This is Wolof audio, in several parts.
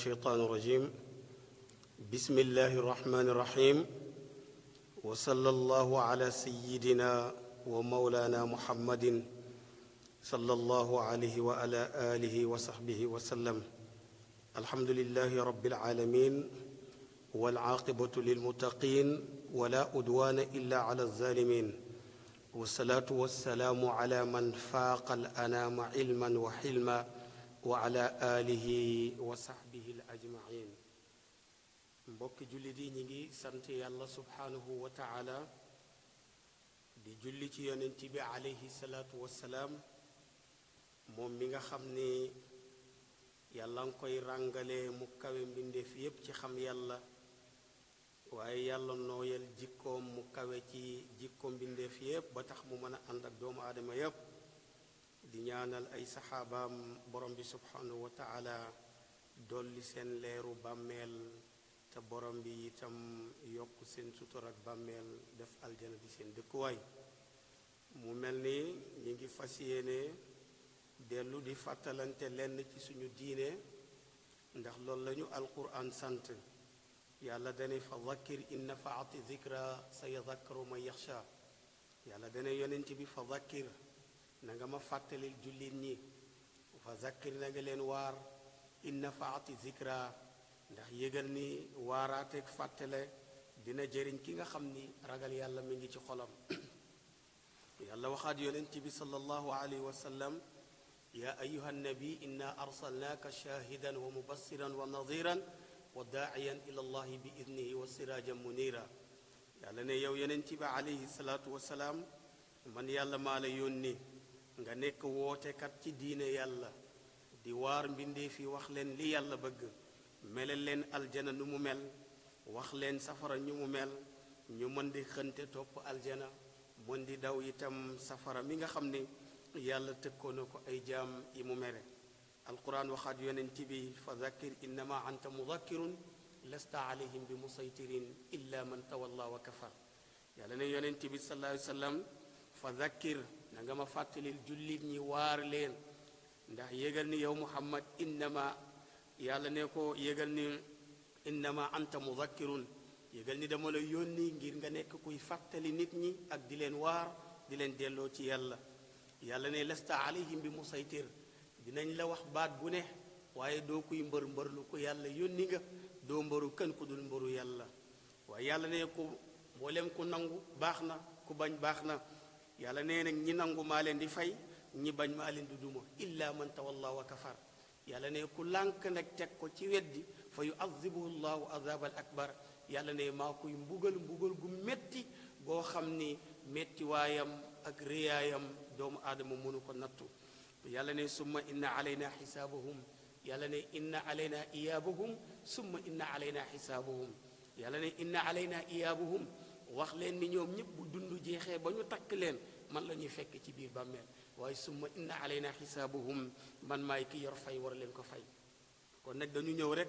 الشيطان الرجيم بسم الله الرحمن الرحيم وصلى الله على سيدنا ومولانا محمد صلى الله عليه وعلى آله وصحبه وسلم الحمد لله رب العالمين والعاقبة للمتقين ولا أدوان إلا على الظالمين والصلاة والسلام على من فاق الأنام علما وحلما wa ala alihi wa sahbihi al mbokki jullit yi ñi ngi sant yàlla subhaanahu wa taala di julli ci yonent bi aleyhi salaatu salaam moom mi nga xam ni yàlla nga koy ràngale mu kawe mbindeef yépp ci xam yàlla waaye yàlla nooyal jikkoom mu kawe ci jikko mbindeef yépp ba tax mu mën a ànd ak doomu aadama yépp di ñaanal ay saxaabaam borom bi subhanahu wa taala dolli seen leeru bàmmeel te borom bi itam yokk seen sutur bàmmeel def aljana bi seen dëkkuwaay mu mel ni ñu ngi fas yéene dellu di fàttalante lenn ci suñu diine ndax loolu lañu alquran sant yàlla dane fa zakkir in nafaati zikra sa yadakkaru man yaxsha yàlla dane yonent bi fa zakkir na ma fàttalil jullit ñi fa zakkir na nga leen waar in nafaati zikra ndax yëgal ni waaraateeg fàttale dina jëriñ ki nga xam ni ragal yàlla mi ngi ci xolam yàlla waxaat yonent bi sallallahu alayhi wa sallam yaa nabi inna arsalnaaka shaahidan wa mubassiran wa nadiran wa daaciyan ila allahi bi idnihi wa siraajan munira yàlla ne yow yonent bi alayhi salaatu wasalaam man yàlla maa la yónni nga nekk wootekat ci diine yàlla di waar mbindeef fi wax leen li yàlla bëgg melal leen aljana nu mu mel wax leen safara ñu mu mel ñu mën di xënte topp aljana mën di daw itam safara mi nga xam ne yàlla tëkkoon na ko ay jaam yi mu mere alquran waxaat yonent bi fa zakkir innama anta mudakkirun lasta alayhim bi musaytirin illa man tawalla wa kafar yàlla ne yonent bi sallallahu alayhi fa zakkir na nga ma fàttalil jullit ñi waar leen ndax yëgal ni yow muhammad innama yàlla ne ko yégal ni innama anta mudakkirun yégal ni dama la yónni ngir nga nekk kuy fàttali nit ñi ak di leen waar di leen delloo ci yàlla yàlla ne lasta alayhim bi musaytir dinañ la wax baat gune waaye doo kuy mbër mbër ko yàlla yónni nga doo mbëru kenn ku dul mbëru yàlla waaye yàlla ne ku mboolem ku nangu baax na ku bañ baax na yàlla nee na ñi nangu maa leen di fay ñi bañ maa leen di duma illa man tawalla wa kafar yàlla ne ku lànk nag teg ko ci weddi fa yu azibuhu llahu azabal akbar yàlla ne maa koy mbugal mbugal gu metti boo xam ni metti waayam ak réyaayam doomu aadama mënu ko nattu yàlla ne summa inna alayna xisaabahum yàlla ne inna alayna iyaabahum summa inna alayna xisaabahum yàlla ne inna alayna iyaabahum wax leen ni ñoom ñëpp bu dund jeexee ba ñu takk leen man la ñuy fekk ci biir bàmmeel waaye summa inna alayna xisaabahum man maay ki yor fay war leen ko fay kon nag dañu ñëw rek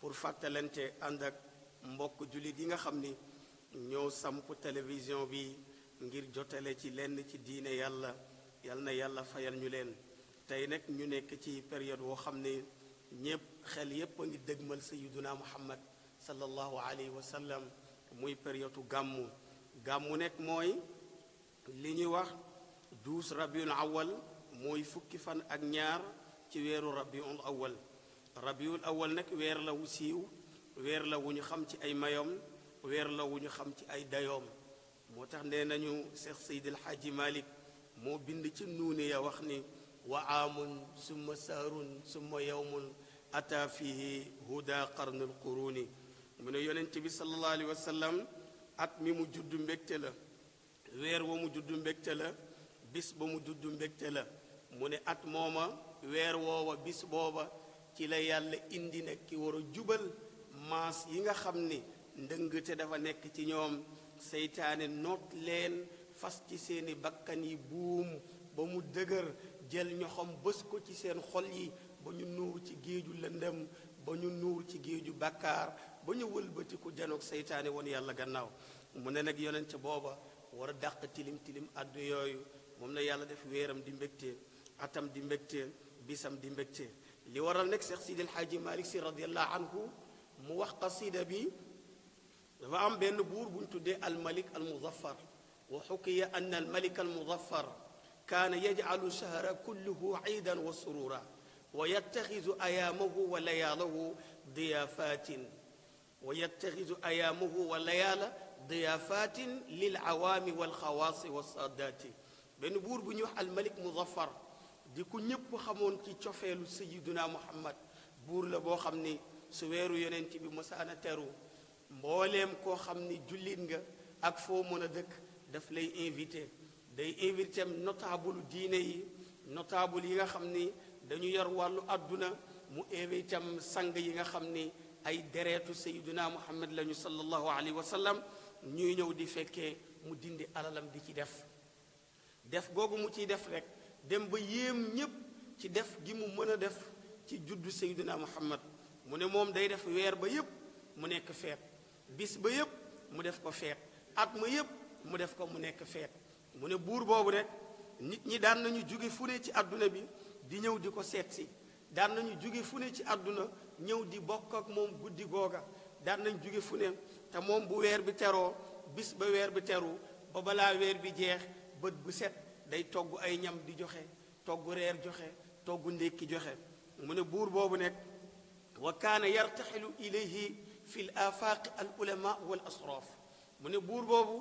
pour fàttalante ànd ak mbokk jullit yi nga xam ni ñoo samp télévision bi ngir jotale ci lenn ci diine yàlla yàlla na yàlla fayal ñu leen tey nag ñu nekk ci période woo xam ne ñépp xel yépp a ngi dëgmal sayiduna muhammad sallallahu alayhi wa sallam muy période gàmmu gàmmu nekk mooy li ñuy wax douze rabiul awal mooy fukki fan ak ñaar ci weeru rabiul awal rabiul awal nag weer la wu siiw weer la wu ñu xam ci ay mayoom weer la wu ñu xam ci ay dayoom moo tax nee nañu Cheikh Seydil Hadji Malick moo bind ci nuune ya wax ni wa aamun summa saarun summa yowmun ata fihi huda qarnul quruni mu ne yonent bi sallallahu alayhi wa mi mu judd mbégte la weer wa mu juddu mbégte la bis ba mu juddu mbégte la mu ne at mooma weer woowa bis booba ci la yàlla indi nag ki war jubal maas yi nga xam ni ndëngte dafa nekk ci ñoom seytaane noot leen fas ci seeni bakkan yi buum ba mu dëgër jël ñoxam bës ko ci seen xol yi ba ñu nuur ci géeju lëndëm ba ñu nuur ci géeju bàkkaar ba ñu wëlbatiku janoog seytaane woon yàlla gannaaw mu ne nag yonent booba war a dàq tilim tilim àdduna yooyu moom la yàlla def wéeram di mbégteel atam di mbégteel bisam di li waral nag Seex Sidi El Hadji Malick anhu mu wax qasida bi dafa am benn buur bu ñu tuddee almalik almuzaffar wa xukiya anna almalik almuzaffar kaana yajcalu shahra kulluhu ciidan wa surura wa yattaxizu wa layaalahu diyaafatin wa yattaxizu wa layaala diyaafatin lil awaami wal saadaati benn buur bu ñuy almalik muzaffar di ku ñépp xamoon ci cofeelu sayiduna muhammad buur la boo xam ni su weeru yonent bi mosaana teru mbooleem koo xam ni jullit nga ak foo mën a dëkk daf lay invité day invité am diine yi notable yi nga xam ni dañu yor wàllu àdduna mu invité sang yi nga xam ni ay dereetu sayiduna muhammad lañu sallallahu alayhi wa sallam ñuy ñëw di fekkee mu dindi alalam di ci def def googu mu ciy def rekk dem ba yéem ñépp ci def gi mu mën a def ci juddu dina Muhammad mu ne moom day def weer ba yépp mu nekk feet bis ba yépp mu def ko feet at ma yépp mu def ko mu nekk feet mu ne buur boobu rek nit ñi daan nañu jóge fu ne ci àdduna bi di ñëw di ko seet si daan nañu jóge fu ne ci àdduna ñëw di bokk ak moom guddi googa daan nañ jóge fu ne te moom bu weer bi teroo bis ba weer bi teru ba balaa weer bi jeex bët bu set day togg ay ñam di joxe togg reer joxe togg ndékki joxe mu ne buur boobu nekk wa kaana yartaxilu ilayhi fi l afaaqi al ulama wal asraf mu ne buur boobu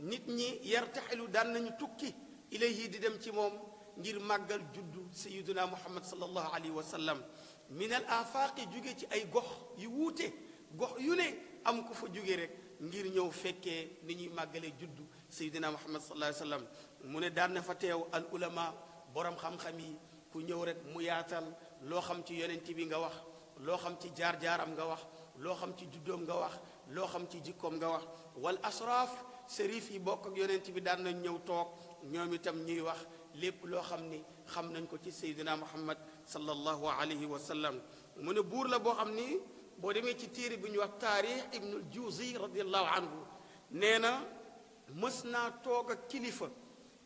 nit ñi yartaxilu daan nañu tukki ilayhi di dem ci moom ngir màggal juddu sayiduna muhammad sallallahu alayhi wa sallam min al afaaqi jóge ci ay gox yu wuute gox yu ne am ko fa jóge rek ngir ñëw fekkee ni ñuy màggalee juddu seydina muhammad sallallahu alayhi wa sallam mu ne daan na fa teew al ulama borom xam yi ku ñëw rek mu yaatal loo xam ci yonent bi nga wax loo xam ci jaar-jaaram nga wax loo xam ci juddoom nga wax loo xam ci jikkoom nga wax wal asraaf sërif yi bokk ak yonent bi daan nañ ñëw toog ñoom itam ñuy wax lépp loo xam ni xam nañ ko ci seydina muhammad sallallahu alayhi wa sallam mu ne buur la boo xam ni boo demee ci téere bi ñu wax taarix ibnul juzi radiallahu anhu nee na mës naa toog ak kilifa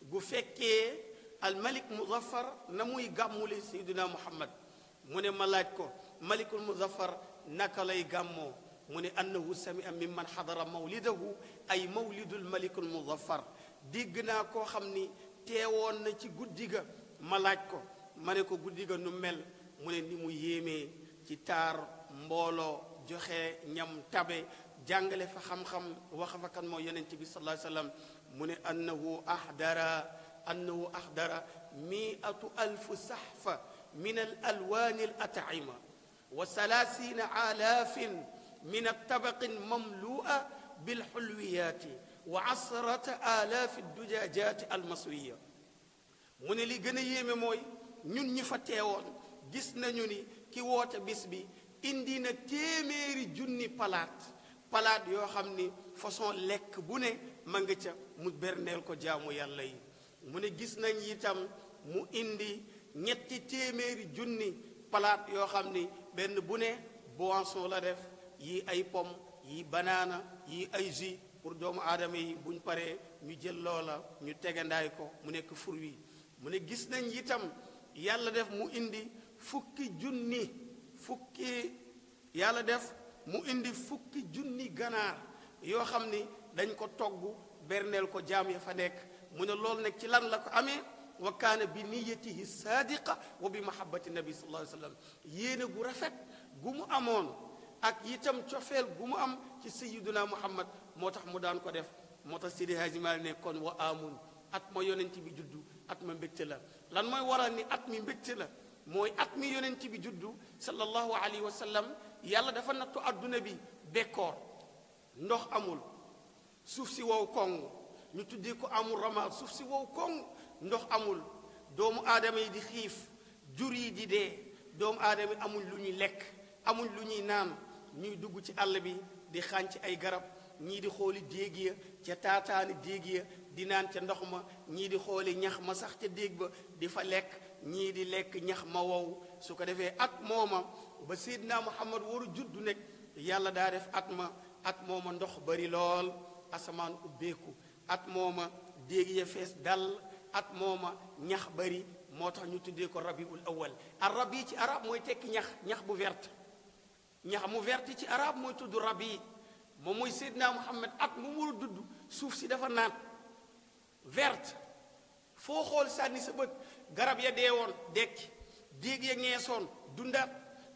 gu fekkee almalik muzaffar na muy gàmmuli sayduna muhammad mu ne ma ko malikul muzaffar naka lay gàmmoo mu ne annahu samia min man xadara mawlidahu ay mawlidul malikul muzaffar dégg naa koo xam ni teewoon na ci guddi ga ma ko ma ne ko guddi ga nu mel mu ne ni mu yéemee ci taar mbooloo joxe ñam tabe jàngale fa xam-xam wax fa kan moo yonent bi sallallahu alayhi wasallam mu ne annahu ahdara annahu ahdara miatu alfu sahfa min al alwaani al ataima wa salaasina alaafin min tabaqin mamlu'a bil xulwiyaati wa asrata alaafi dujaajaati almaswiya mu ne li gën a yéeme mooy ñun ñi fa gis nañu ni ki woote bis bi indi na téeméeri junni palaat palaat yoo xam ni façon lekk bu ne ma nga ca mu berneel ko jaamu yàlla yi mu ne gis nañ itam mu indi ñetti téeméeri junni palaat yoo xam ni benn bu ne boisson la def yi ay pom yi banaana yi ay jus pour doomu aadama yi buñ paree ñu jël loola ñu tegandaay ko mu nekk fur wi mu ne gis nañ itam yàlla def mu indi fukki junni fukki yàlla def mu indi fukki junni ganaar yoo xam ni dañ ko togg berneel ko jaam ya fa nekk mu ne loolu nag ci lan la ko amee wa kaana bi niyatihi saadiqa wa bi mahabbati nabi sallallahu alayhi wa sallam yéene gu rafet gu mu amoon ak yitam cofeel gu mu am ci sayyiduna muhammad moo tax mu daan ko def moo tax Sidi Hadji Malick ne kon wa amun at ma yonent bi juddu at ma mbégte la lan mooy waral ni at mi mbégte la mooy at mi yonent bi juddu sallallahu alayhi wa yàlla dafa nattu àdduna bi bekkoor ndox amul suuf si wow koŋŋ ñu tuddee ko amul rama suuf si wow koŋŋ ndox amul doomu aadama yi di xiif jur yi di dee doomu aadama yi amuñ lu ñuy lekk amuñ lu ñuy naan ñuy dugg ci àll bi di xànc ay garab ñii di xooli déeg ca taataani déeg di naan ca ndox ma ñii di xooli ñax ma sax ca déeg ba di fa lekk ñii di lekk ñax ma wow su ko defee at mooma ba Seydina Muhammad waru juddu nekk yàlla daa def at ma at mooma ndox bari lool asamaan ubbeeku at mooma déeg fees dal at mooma ñax bari moo tax ñu tuddee ko rabiul awal ar ci arab mooy tekki ñax ñax bu wert ñax mu verte ci arab mooy tudd yi moom mooy Seydina Muhammad at mu waru dudd suuf si dafa naat verte foo xool sànni sa bët garab ya deewoon dekki déeg ya ñeesoon dundaat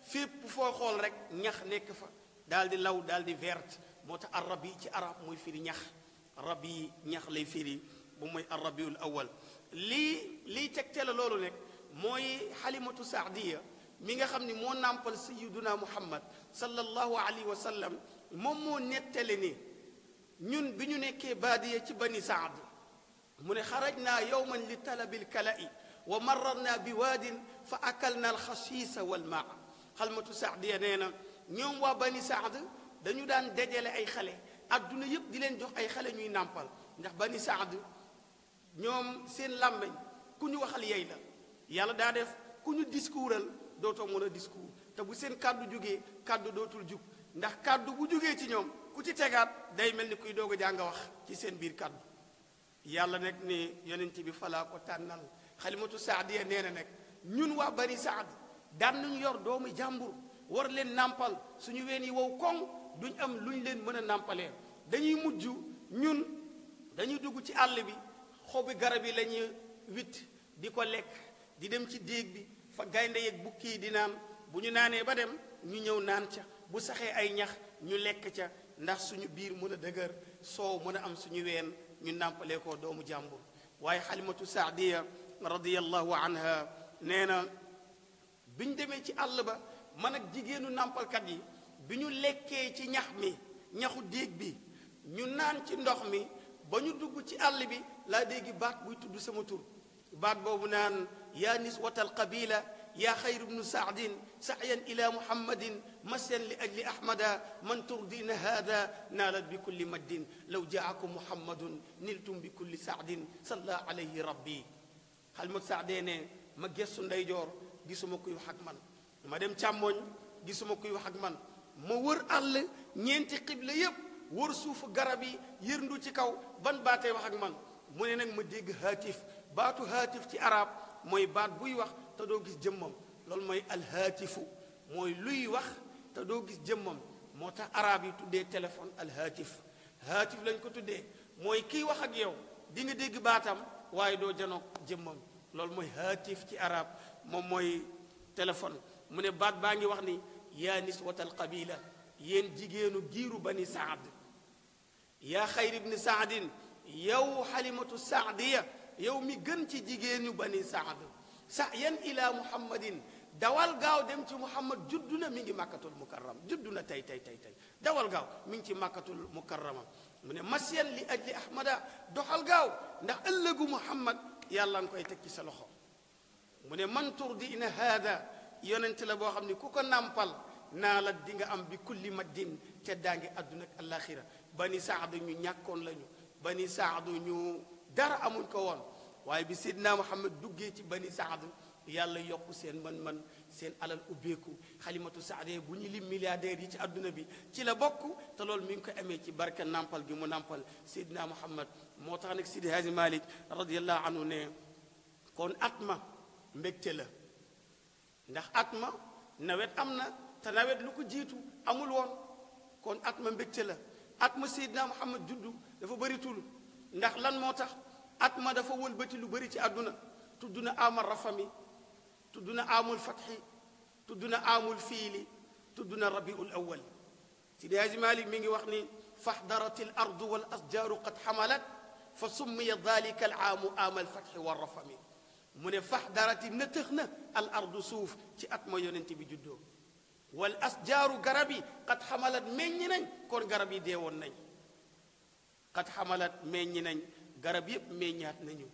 fépp foo xool rek ñax nekk fa daal di law daal di verte moo tax arab yi ci arab mooy firi ñax rab yi ñax lay firi bu mooy arrabiul awal lii liy tegte la loolu nekk mooy xalimatu saadiya mi nga xam ni moo nàmpal sayiduna muhammad sallallahu alayhi wa sallam moom moo nettale ni ñun bi ñu nekkee baadiya ci bani saad mu ne xaraj naa yowman li talabil kala'i wa marran naa bi waadin fa akal na alxasiisa walmaa xalmatu saadiya nee na ñoom waa bani saad dañu daan dejale ay xale adduna yëpp di leen jox ay xale ñuy nàmpal ndax bani saad ñoom seen làmmeñ ku ñu waxal yey la yàlla daa def ku ñu discoursal dootoo mën a discours te bu seen kàddu jógee kàddu dootul jug ndax kàddu bu jógee ci ñoom ku ci tegaat day mel ni kuy doog a jàng wax ci seen biir kàddu yàlla nekk ne yonent bi falaa ko tànnal xalimatu saadiya nee na nekk ñun waa bani saad daan nañu yor doomu jàmbur war leen nàmpal suñu ween yi wow koŋ duñ am luñ leen mën a nàmpalee dañuy mujj ñun dañuy dugg ci àll bi xobi garab yi lañu ñuy witt di ko lekk di dem ci déeg bi fa gaynde yeeg bukki yi di naan bu ñu naanee ba dem ñu ñëw naan ca bu saxee ay ñax ñu lekk ca ndax suñu biir mën a dëgër soow mën a am suñu ween ñu nàmpalee ko doomu jàmbur waaye xalimatu saadiya radiallahu anha nee na bi ñu demee ci àll ba man ak jigéenu nàmpalkat yi bi ñu lekkee ci ñax mi ñaxu déeg bi ñu naan ci ndox mi ba ñu dugg ci àll bi laa déggi baat buy tudd sama tur baat boobu naan yaa niswatal qabila yaa xayr bnu saadin sayan ila muhammadin masyan li ajli ahmada man turdina hada naalat bi kulli majdin law jaakum muhammadun niltum bi kulli saadin salla alayhi rabbi xalmat saadee ne ma gestu ndeyjoor gisuma kuy wax ak man ma dem càmmooñ gisuma kuy wax ak man ma wër àll ñeenti xibla yépp wër suufu garab yi yërndu ci kaw ban baatee wax ak man mu ne nag ma dégg haatif baatu haatif ci araab mooy baat buy wax te doo gis jëmmam loolu mooy alhaatifu mooy luy wax te doo gis jëmmam moo tax arab yi tuddee téléphone alhaatif haatif lañ ko tuddee mooy kiy wax ak yow dinga dégg baatam waaye doo janoog jëmmam loolu mooy haatif ci arab moom mooy téléphone mu ne baat baa ngi wax ni yaa niswatal qabila yéen jigéenu giiru bani saad yaa xayr ibni saadin yow xalimatu saadiya yow mi gën ci jigéenu bani saad sa'yan ila muhammadin dawal gaaw dem ci muhammad juddu na mi ngi màkkatul mukarram juddu na tey tey tey tey dawal gaaw mi ngi ci màkkatul mukarrama mu ne masyan li ajli ahmada doxal gaaw ndax ëllëgu muhammad yàlla nga koy teg ci sa loxo mu ne man turdina haada yonent la boo xam ne ku ko nàmpal naa la di nga am bi kulli maddin te daa ngi àdduna ak alaxira bani saadu ñu ñàkkoon lañu bani saadu ñu dara amuñ ko woon waaye bi Seydina Muhammad duggee ci bani saadu yàlla yokk seen man man seen alal ubbeeku xalimatu saade bu ñu lim milliardaires yi ci àdduna bi ci la bokk te loolu mi ngi ko amee ci barke nàmpal gi mu nàmpal Seydina Muhammad moo tax nag Sidi Hadji Malick radiyallahu anhu ne kon at ma mbégte la ndax at ma nawet am na te nawet lu ko jiitu amul woon kon at ma mbégte la at ma Seydina Muhammad juddu dafa bëritul ndax lan moo tax at ma dafa wëlbati lu bëri ci àdduna tudd na amul rafami tudd na amul fatxi tudd na amul fiili tudd na rabiul awal si daaji Maalik mi ngi wax ni faxdarat al ardu wal asjaaru qad xamalat fa summiya dalika al aamu aama al fatxi wa mu ne faxdarati nëtëx na al ardu suuf ci at ma yonent bi juddoo wal asjaaru garab yi qad xamalat meññi nañ kon garab yi deewoon nañ qad xamalat meññi nañ garab yépp meñaat nañu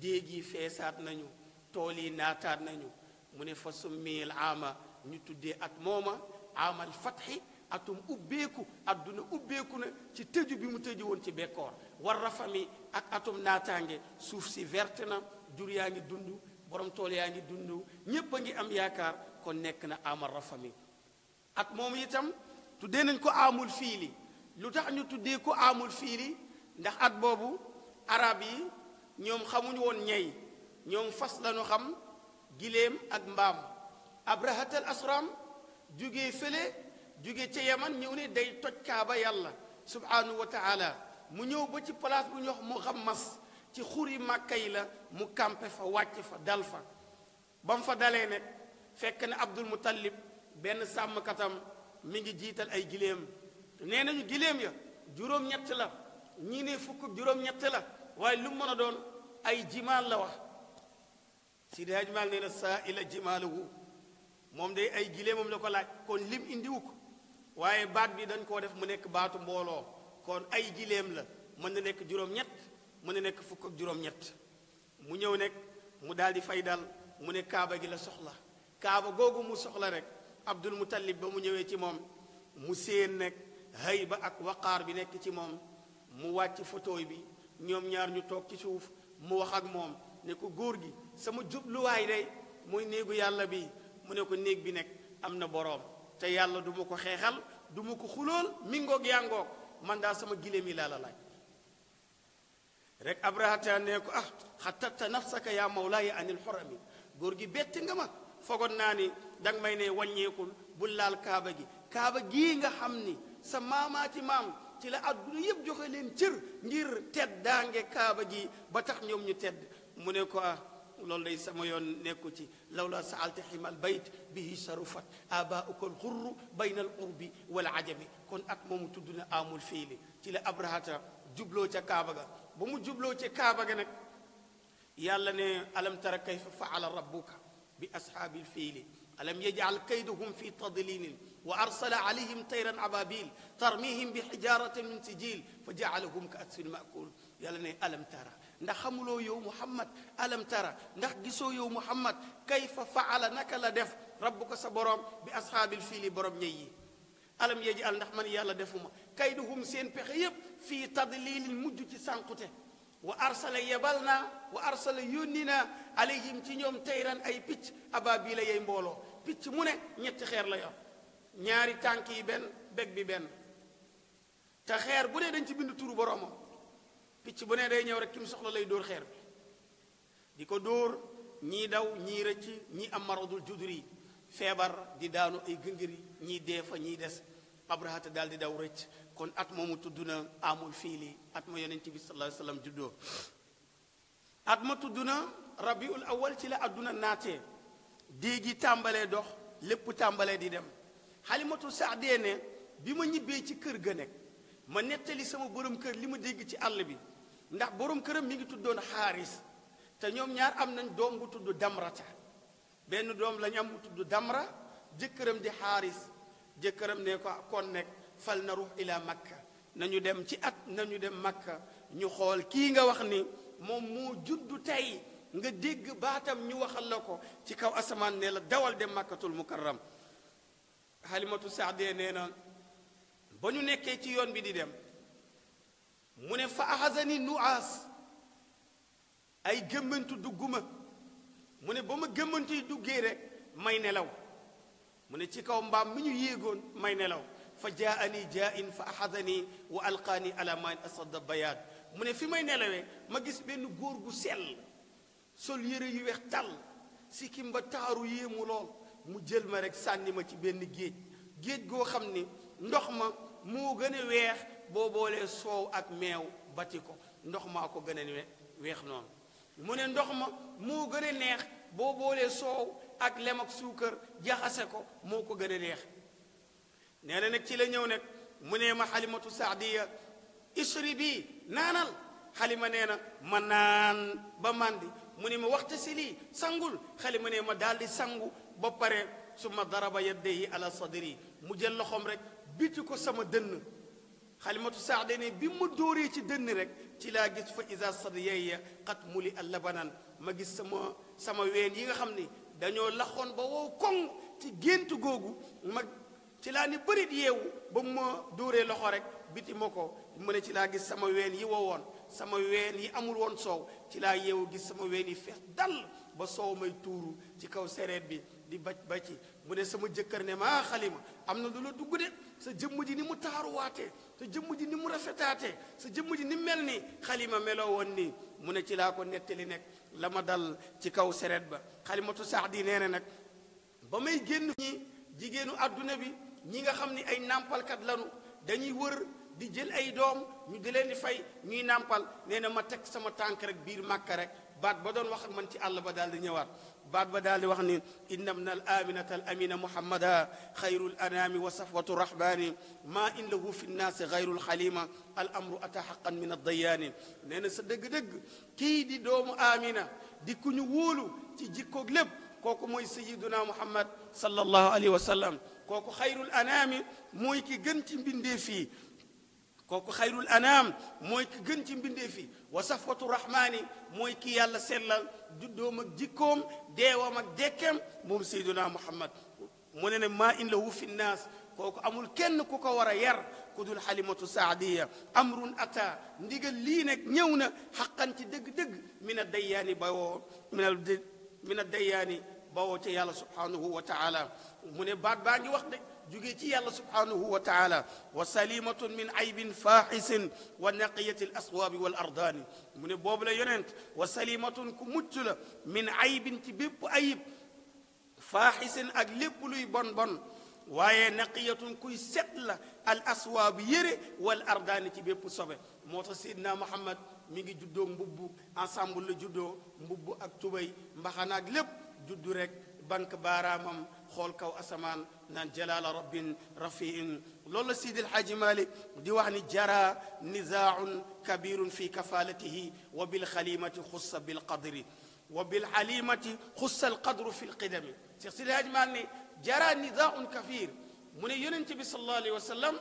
déeg yi feesaat nañu tool yi naataat nañu mu ne fa summiyal ama ñu tuddee at mooma amal fatxi atum adduna ubbeeku na ci tëju bi mu tëju woon ci bekkoor war rafami ak atum naataange suuf si verte na jur yaa ngi dund borom tool yaa ngi dund ñépp a ngi am yaakaar kon nekk na amal rafami at moom itam tuddee nañ ko amul fiili lu tax ñu tuddee ko amul fiili ndax at boobu arab yi ñoom xamuñu woon ñey ñoom fas lañu xam giléem ak mbaam abrahatal asram jóge fële jóge ca yaman ñëw ne day toj kaaba yàlla subhanahu wa taala mu ñëw ba ci place bu ñu mu xam mas ci xuri màkka yi la mu kampe fa wàcc fa dal fa ba mu fa dalee nag fekk na abdul mutallib benn sàmmkatam mi ngi jiital ay giléem nee nañu giléem ya juróom-ñett la ñii ne fukk juróom-ñett la waaye lu mu mën a doon ay jimaal la wax Sidi Hadj Malick nee na saa ila jimaaluhu moom day ay gilee la ko laaj kon lim indiwu ko waaye baat bi dañ koo def mu nekk baatu mbooloo kon ay gileem la mën na nekk juróom mën na nekk fukk ak juróom mu ñëw nekk mu daal fay dal mu ne kaaba gi la soxla kaaba googu mu soxla rek abdul mutallib ba mu ñëwee ci moom mu séen nekk hay ak waqaar bi nekk ci moom mu wàcc photo bi ñoom ñaar ñu toog ci suuf mu wax ak moom ne ko góor gi sama jubluwaay day mooy néegu yàlla bi mu ne ko néeg bi nekk am na boroom te yàlla du ma ko xeexal duma ko xulool mingoog yangoog man daa sama giléem yi laa la laaj rek abrahata ne ko ah xatatta nafsaka yaa mawlaaya anil xorami góor gi bett nga ma fogoon naa ni danga may ne wàññeekul bul laal kaaba gi kaaba gii nga xam ni sa maamaati maam ci la àdduna yëpp joxe leen cër ngir teddaange kaaba gi ba tax ñoom ñu tedd mu ne ko loolu day sama yoon nekku ci lawla saalta ximal bayt bihi sarufat abaauka alxurru bayna al urbi wal ajabi kon at moomu tudd na amul fiili ci la abrahata jubloo ca kaaba ga ba mu jubloo ca kaaba ga nag yàlla ne alam tara kayfa faala rabbuka bi ashaabil fiili alam yajal kaydahum fi tadlilin wa arsala alayhim tayran ababil tarmihim bi xijaratin min sijil fa jaalahum ka asfin maakul yàlla ne alam tara ndax xamuloo yow muhammad alam tara ndax gisoo yow muhammad kayfa faala naka la def rabbuka sa borom bi ashaabil fiili borom ñëy yi alam yajal ndax man yàlla defuma kayduhum seen pexe yépp fii tadlilin mujj ci sànqute wa arsala yebal naa wa arsala yónni naa alayhim ci ñoom tayran ay picc ababila yay mbooloo picc mu ne ñetti xeer la yor ñaari tànk yi benn beg bi benn te xeer bu ne dañ ci bind turu boroomam picc bu ne day ñëw rek ki soxla lay dóor xeer bi di ko dóor ñii daw ñii rëcc ñii am maradul judri feebar di daanu ay gëngëri ñii dee fa ñii des abrahata daal di daw rëcc kon at moomu tudd na amul fiili at ma yonent bi sallallahu alayhi wasallam juddoo at ma tudd na rabiul awal ci la àdduna naatee dée gi tàmbalee dox lépp tàmbalee di dem xalimatul sax dee ne bi ma ñibbee ci kër ga nekk ma nettali sama borom kër li ma dégg ci àll bi ndax borom këram mi ngi tuddoon xaaris te ñoom ñaar am nañ doom bu tudd damrata benn doom lañu am bu tudd damra jëkkëram di xaaris jëkkëram ne ko kon nekk fal na ruux ila makka nañu dem ci at nañu dem makka ñu xool kii nga wax ni moom moo juddu tey nga dégg baatam ñu waxal la ko ci kaw asamaan ne la dawal dem màkkatul mukarram xalimatu saadee nee na ba ñu nekkee ci yoon bi di dem mu ne fa ahasani nuaas ay gëmmantu dugguma mu ne ba ma gëmmantu yi duggee may nelaw mu ne ci kaw mbaam mi ñu yéegoon may nelaw fa jaani jaain fa ahadani wa alqaani ala main bayaat mu ne fi may nelawee ma gis benn góor gu sel sol yére yu weex tàll si ba taaru yéemu lool mu jël ma rek sànni ma ci benn géej géej goo xam ni ndox ma moo gën a weex boo boolee soow ak meew bati ko ndox maa ko gën a weex noonu mu ne ma moo gën a neex boo boolee soow ak lem ak suukar jaxase ko moo ko gën a neex nee na nag ci la ñëw nag mu ne ma xalimatu saadiya isri bii naanal xalima nee na ma naan ba màndi mu ne ma waxta si lii sangul xale mu ne ma daal di sangu ba pare su ma daraba yaddeyi ala sadri mu jël loxoom rek biti ko sama dënn xalimatu saax de ne bi ma dóoree ci dënn rek ci laa gis fa isa sadiyaya xat muli allabanaan ma gis sama sama ween yi nga xam ni dañoo laxoon ba koŋ ci gént googu ma ci laa ni bërit yeewu ba ma dóoree loxo rek biti ma ko mu ne ci laa gis sama ween yi wowoon sama ween yi amul woon soow ci laa yeewu gis sama ween yi fees dal ba soow may tuuru ci kaw sereet bi di bac baci mu ne sama jëkkër ne maa ah, xalima am na lu la dugg de sa jëmm ji ni mu taaruwaate sa jëmm ji ni mu rafetaatee sa jëmm ji ni mel ni xalima meloo woon nii mu ne ci laa ko nettali nekk la ma dal ci kaw sereet ba xalimatu saax di nee ne nag ba may génn ñi jigéenu àdduna bi ñi nga xam ni ay nàmpalkat lanu dañuy wër di jël ay doom ñu di leen fay ñuy nàmpal nee na ma teg sama tànk rek biir màkka rek baat ba doon wax man ci àll ba daal di ñëwaat baat badaal di wax ni inna min al aminata al amina muhammada xayru l anaami wa safwatu rahbaani maa in lahu fi nnaasi xayru l xalima al amru ata xaqan min addayaani nee na sa dëgg-dëgg kii di doomu amina di ku ñu wóolu ci jikkoog lépp kooku moy sayiduna muhammad sallallahu alayhi wa sallam kooku xayrul anaami mooy ki gën ci mbindee fii kooku xayrul anaam mooy ki gën ci mbindee fi wa safwatu rahmaani mooy ki yàlla sellal juddoom ak jikkoom deewam ak dekkeem moom seyduna muhammad mu ne ne maa in lahu fi nnaas kooku amul kenn ku ko war a yar ku dul xalimatu saadiya amrun ata ndigal lii nag ñëw na xaqan ci dëgg-dëgg min a dayyaani bawoo min a bawoo ca yàlla subhanahu wa taala mu ne baat baa wax jóge ci yàlla subhanahu wa taala wa salimatun min aybin faaxisin wa naqiyati al aswaabi wal ardaani mu ne boobu la yonent wa salimatun ku mucc la min aybin ci bépp ayib faaxisin ak lépp luy bon bon waaye naqiyatun kuy set la al aswaabi yére wal ardaani ci bépp sobe moo tax seydina muhammad mi ngi juddoo mbubb ensemble la juddoo mbubb ak tubay mbaxanaak lépp juddu rek bank baaraamam xool kaw asamaan naan jalaala rabbin rafiin loolu la Sidi El di wax ni jara nizaaun kabirun fi kafalatihi wa bilxalimati xussa bilqadri wa bilxalimati xussa alqadru fi lqidami Cheikh Sidi El Hadji Malick ne jara kafir mu ne yonente bi sallallahu alayhi wa sallam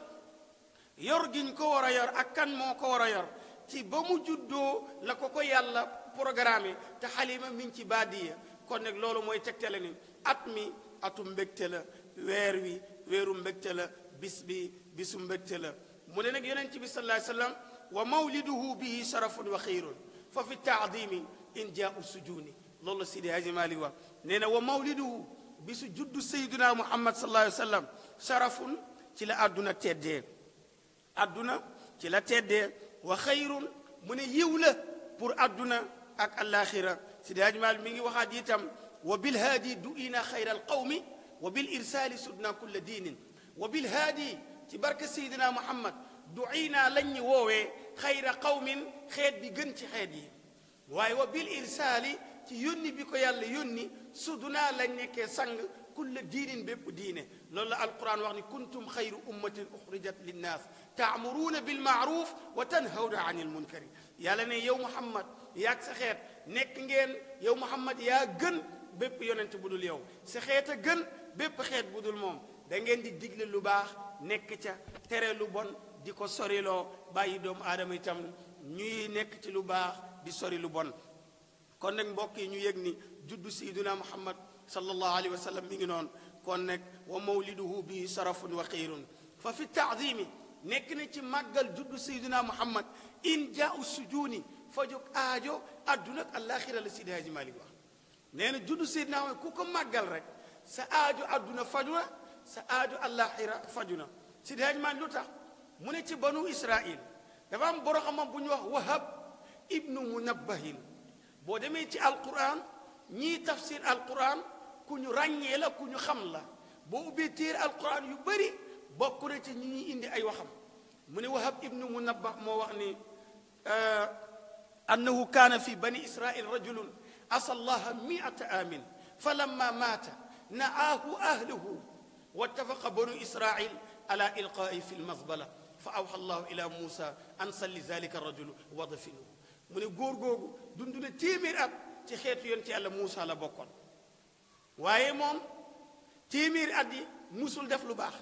ko war a yor ak kan moo ko war a yor ci ba mu juddoo la ko ko yàlla programme te xalima min baadiya kon nag loolu mooy tegtale ni at mi atum mbégte la weer wi weeru mbégte bisu mbégte mu ne nag yonent bi sallallahu alayhi wa sallam wa mawliduhu bihi sharafun wa xayrun fa fi taadimi in jaau bisu juddu sayduna muhammad sallallahu alayhi wa sallam sharafun ci la àdduna teddee àdduna ci la teddee wa xayrun mu ne yiw la pour àdduna ak alaaxira Sidi Hadj Malick mi ngi waxaat itam wa bil haadi du ina xayra al qawmi wa bil irsaali sudna kulla diinin wa bil haadi ci barke Seydina Muhammad du ina lañ ñu woowee xayra qawmin xeet bi gën ci xeet yi waaye wa bil irsaali ci yónni bi ko yàlla yónni sudna lañ nekkee sang kulla diinin bépp diine loolu la alquran wax ni kuntum xayru ummatin uxrijat linnaas taamuruuna bil maaruf wa tanhawna an il munkari yàlla ne yow muhammad yaag sa xeet nekk ngeen yow muhammad yaa gën bépp yonent bu dul yow sa xeet a gën bépp xeet bu dul moom da ngeen di digle lu baax nekk ca tere lu bon di ko soriloo bàyyi doomu aadama itam ñuy nekk ci lu baax di sori lu bon kon nag mbokk yi ñu yëg ni juddu sayyiduna muhammad sallallahu alayhi wa sallam mi ngi noon kon nag wa mawliduhu bi sarafun wa xiirun fa fi taadimi nekk na ci màggal juddu sayduna muhammad in jaau sujuuni fajog aajo adduna ak àllaaxira la Sidi Haaji Maalik wax nee na juddu sayduna muhammad ku ko màggal rek sa aajo adduna faju na sa aajo àllaaxira faju na Sidi Haaji tax mu ne ci banu israil dafa am boro xamam bu ñu wax wahab ibnu munabbahin boo demee ci alquran ñii tafsir alquran ku ñu ràññee la ku ñu xam la boo ubbee téere alquran yu bari bokk na ci ñi indi ay waxam mu ne wahab ibnu munabba moo wax ni euh, annahu kaana fi bani israil rajulun asallaha miata amin fa lamma maata naahu ahluhu wattafaqa banu israil ala ilqaa'i fi lmazbala fa awxa allahu ila muusa an salli zalika rajulu wa góor googu dund na ci xeetu yoon ci yàlla muusa la bokkoon waaye moom téeméer at yi musul def lu baax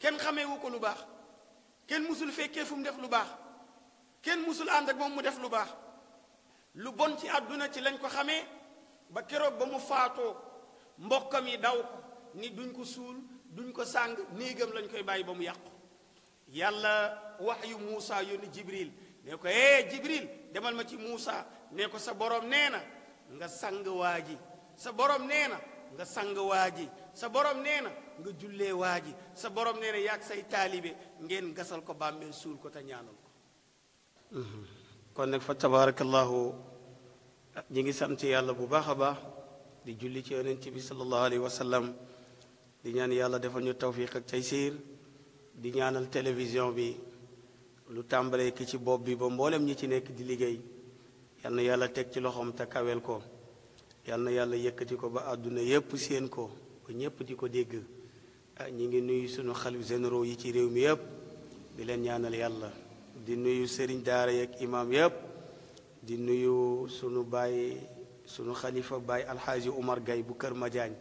kenn xameewu ko lu baax kenn musul fekkee fu mu def lu baax kenn musul ànd ak moom mu def lu baax lu bon ci àdduna ci lañ ko xame ba keroog ba mu faatoo mbokkam yi daw ni duñ ko suul duñ ko sàng néegam lañ koy bàyyi ba mu yàqu yàlla wax yu Muusa yónni Jibril ne ko eh Jibril demal ma ci Muusa ne ko sa borom nee na nga sàng waa ji sa borom nee na nga sàng waa ji sa borom nee na nga jullee waa ji sa borom nee na yaag say taalibe ngeen gasal ko bàmmeel suul ko te ñaanal ko kon nag fa tabarakallahu ñi ngi sant yàlla bu baax a baax di julli ci yonent bi sallallahu alayhi wa di ñaan yàlla defal ñu tawfiq ak taysiir di ñaanal télévision bi lu tàmbalee ki ci bopp bi ba mboolem ñi ci nekk di liggéey yal yàlla teg ci loxoom te kawel ko yal na yàlla yëkkati ko ba àdduna yépp seen ko ba ñépp di ko dégg Ah, ñi ngi nuyu sunu xalif généro yi ci réew mi yëpp di leen ñaanal yàlla di nuyu sëriñ daara yeeg imam yëpp di nuyu sunu baay sunu xalifa baay alxaaji Umar Gay bu Kër Madiagne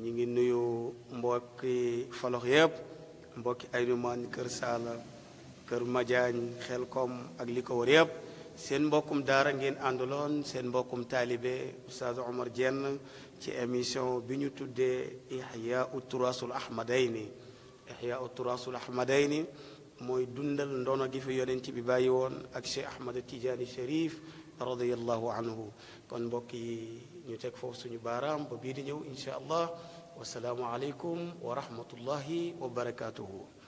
ñi ngi nuyu mbokki falox yëpp mbokki aynumaan Kër Saala Kër Madiagne xel kom ak li ko yëpp seen mbokkum daara ngeen àndaloon seen mbokkum taalibe Oustaz Omar Diène ci émission bi ñu tuddee ihyaau turaasul ahmadayni ihyaau turaasul ahmadayni mooy dundal ndono gi fi yonent bi bàyyi woon ak Cheikh Ahmad Tidiane Chérif radiyallahu anhu kon mbokk yi ñu teg foofu suñu baaraam ba bii di ñëw incha allah wasalaamu aleykum wa rahmatullahi wa barakatuhu